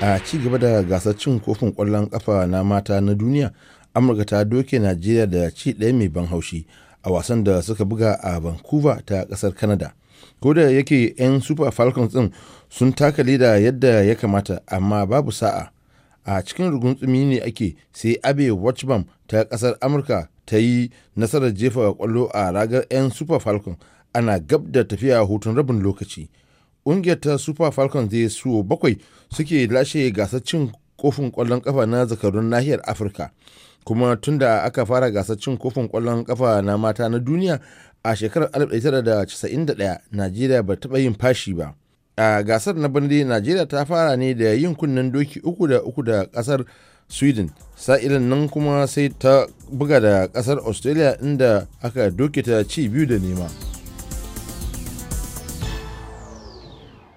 a ci gaba da gasar cin kofin kwallon kafa na mata na duniya amurka ta doke najeriya da ci ɗaya mai ban haushi a wasan da suka buga a vancouver ta ƙasar canada ko da yake 'yan super falcons ɗin sun taka leda yadda ya kamata amma babu sa'a a cikin tsumi ne ake sai abe watchbam ta ƙasar amurka ta yi nasarar jefa kwallo a ragar 'yan super falcons ana gab da tafiya hutun rabin lokaci ƙungiyar ta super falcons da su bakwai suke lashe gasar cin kofin kwallon kafa na zakarun nahiyar afirka kuma tun da aka fara gasar cin kofin kwallon kafa na mata na duniya a shekarar 1991 najeriya ba taɓa yin fashi ba a gasar na bande najeriya ta fara ne da yin kunnen doki uku da uku da ƙasar sweden sa'ilin nan kuma sai ta buga da ƙasar australia inda aka doke ta ci biyu da nema